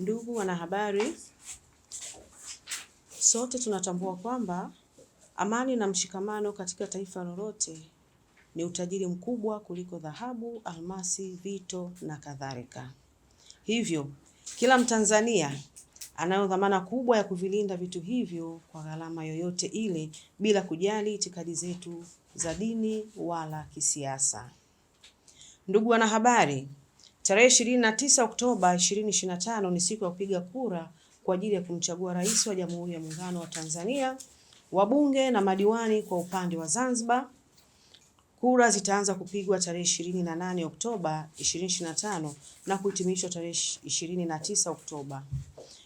Ndugu wanahabari, sote tunatambua kwamba amani na mshikamano katika taifa lolote ni utajiri mkubwa kuliko dhahabu, almasi, vito na kadhalika. Hivyo kila Mtanzania anayo dhamana kubwa ya kuvilinda vitu hivyo kwa gharama yoyote ile, bila kujali itikadi zetu za dini wala kisiasa. Ndugu wanahabari, Tarehe 29 Oktoba 2025 ni siku ya kupiga kura kwa ajili ya kumchagua rais wa Jamhuri ya Muungano wa Tanzania, wabunge na madiwani kwa upande wa Zanzibar. Kura zitaanza kupigwa tarehe 28 Oktoba 2025 na kuhitimishwa tarehe 29 Oktoba.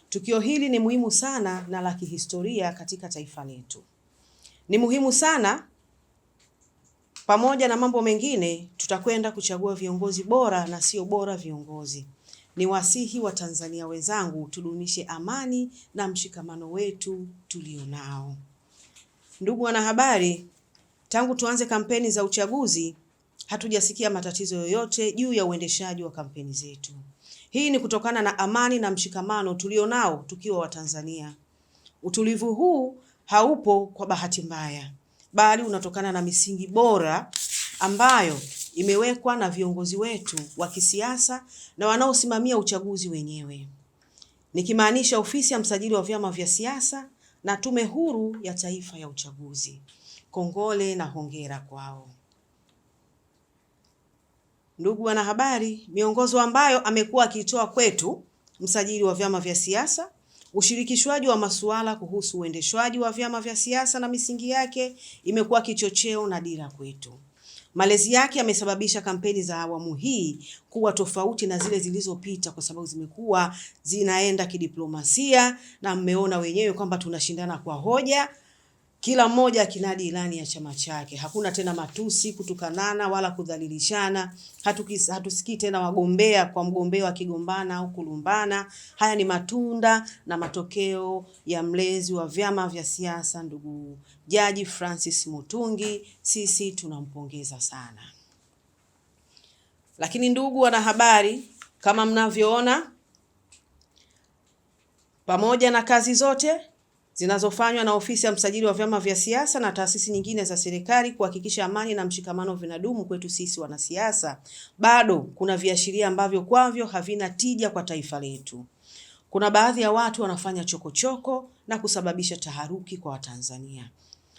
Tukio hili ni muhimu sana na la kihistoria katika taifa letu. Ni muhimu sana pamoja na mambo mengine, tutakwenda kuchagua viongozi bora na sio bora viongozi. Ni wasihi wa Tanzania wenzangu, tudumishe amani na mshikamano wetu tulionao. Ndugu wanahabari, tangu tuanze kampeni za uchaguzi hatujasikia matatizo yoyote juu ya uendeshaji wa kampeni zetu. Hii ni kutokana na amani na mshikamano tulionao tukiwa Watanzania. Utulivu huu haupo kwa bahati mbaya bali unatokana na misingi bora ambayo imewekwa na viongozi wetu wa kisiasa na wanaosimamia uchaguzi wenyewe, nikimaanisha ofisi ya msajili wa vyama vya siasa na Tume Huru ya Taifa ya Uchaguzi. Kongole na hongera kwao. Ndugu wanahabari, miongozo ambayo amekuwa akiitoa kwetu msajili wa vyama vya siasa Ushirikishwaji wa masuala kuhusu uendeshwaji wa vyama vya siasa na misingi yake imekuwa kichocheo na dira kwetu. Malezi yake yamesababisha kampeni za awamu hii kuwa tofauti na zile zilizopita, kwa sababu zimekuwa zinaenda kidiplomasia, na mmeona wenyewe kwamba tunashindana kwa hoja kila mmoja akinadi ilani ya chama chake. Hakuna tena matusi, kutukanana wala kudhalilishana. hatusikii tena wagombea kwa mgombea wakigombana au kulumbana. Haya ni matunda na matokeo ya mlezi wa vyama vya siasa, ndugu Jaji Francis Mutungi. Sisi tunampongeza sana. Lakini ndugu wanahabari, kama mnavyoona, pamoja na kazi zote zinazofanywa na ofisi ya msajili wa vyama vya siasa na taasisi nyingine za serikali kuhakikisha amani na mshikamano vinadumu kwetu sisi wanasiasa, bado kuna viashiria ambavyo kwavyo havina tija kwa taifa letu. Kuna baadhi ya watu wanafanya chokochoko choko na kusababisha taharuki kwa Watanzania,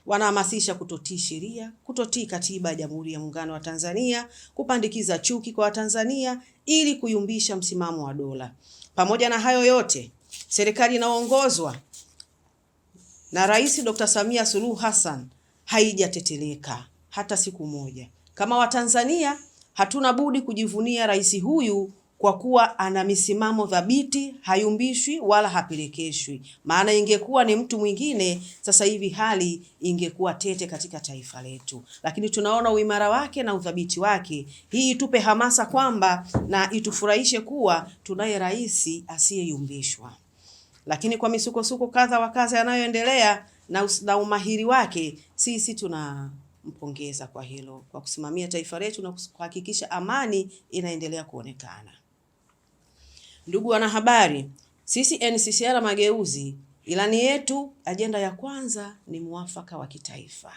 wanahamasisha kutotii sheria, kutotii katiba ya Jamhuri ya Muungano wa Tanzania, kupandikiza chuki kwa Watanzania ili kuyumbisha msimamo wa dola. Pamoja na hayo yote, serikali inaongozwa na Rais Dr. Samia Suluhu Hassan haijateteleka hata siku moja. Kama Watanzania hatuna budi kujivunia rais huyu kwa kuwa ana misimamo thabiti, hayumbishwi wala hapelekeshwi. Maana ingekuwa ni mtu mwingine, sasa hivi hali ingekuwa tete katika taifa letu, lakini tunaona uimara wake na uthabiti wake. Hii itupe hamasa kwamba na itufurahishe kuwa tunaye rais asiyeyumbishwa. Lakini kwa misukosuko kadha wa kadha yanayoendelea na, na umahiri wake, sisi tunampongeza kwa hilo, kwa kusimamia taifa letu na kuhakikisha amani inaendelea kuonekana. Ndugu wanahabari, sisi NCCR Mageuzi, ilani yetu, ajenda ya kwanza ni mwafaka wa kitaifa.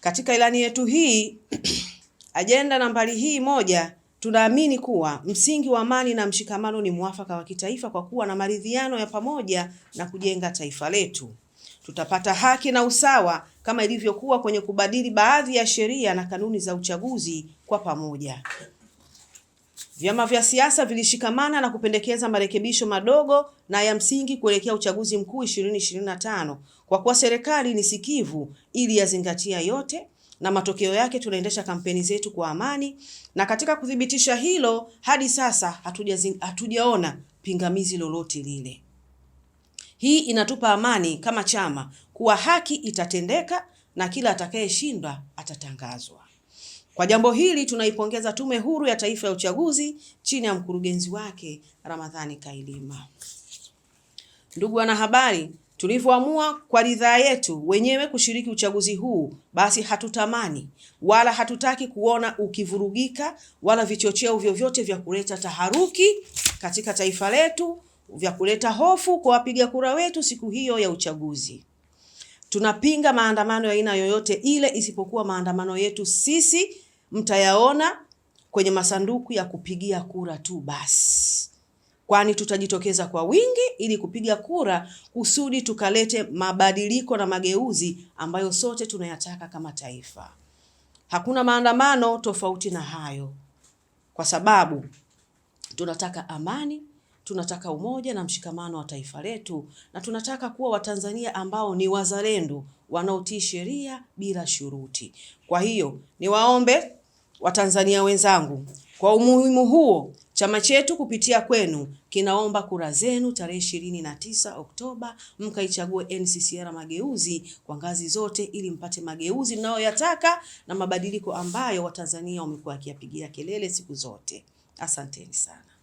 Katika ilani yetu hii ajenda nambari hii moja Tunaamini kuwa msingi wa amani na mshikamano ni mwafaka wa kitaifa kwa kuwa na maridhiano ya pamoja na kujenga taifa letu. Tutapata haki na usawa kama ilivyokuwa kwenye kubadili baadhi ya sheria na kanuni za uchaguzi kwa pamoja. Vyama vya siasa vilishikamana na kupendekeza marekebisho madogo na ya msingi kuelekea uchaguzi mkuu 2025 kwa kuwa serikali ni sikivu ili yazingatia yote na matokeo yake tunaendesha kampeni zetu kwa amani, na katika kuthibitisha hilo, hadi sasa hatujaona pingamizi lolote lile. Hii inatupa amani kama chama kuwa haki itatendeka na kila atakayeshindwa atatangazwa. Kwa jambo hili tunaipongeza Tume Huru ya Taifa ya Uchaguzi chini ya mkurugenzi wake Ramadhani Kailima. Ndugu wanahabari, Tulivyoamua kwa ridhaa yetu wenyewe kushiriki uchaguzi huu, basi hatutamani wala hatutaki kuona ukivurugika wala vichocheo vyovyote vya kuleta taharuki katika taifa letu, vya kuleta hofu kwa wapiga kura wetu siku hiyo ya uchaguzi. Tunapinga maandamano ya aina yoyote ile, isipokuwa maandamano yetu sisi mtayaona kwenye masanduku ya kupigia kura tu basi kwani tutajitokeza kwa wingi ili kupiga kura kusudi tukalete mabadiliko na mageuzi ambayo sote tunayataka kama taifa. Hakuna maandamano tofauti na hayo, kwa sababu tunataka amani, tunataka umoja na mshikamano wa taifa letu, na tunataka kuwa Watanzania ambao ni wazalendo wanaotii sheria bila shuruti. Kwa hiyo niwaombe Watanzania wenzangu, kwa umuhimu huo Chama chetu kupitia kwenu kinaomba kura zenu tarehe 29 Oktoba, mkaichague NCCR Mageuzi kwa ngazi zote, ili mpate mageuzi mnayoyataka na mabadiliko ambayo Watanzania wamekuwa wakiyapigia kelele siku zote. Asanteni sana.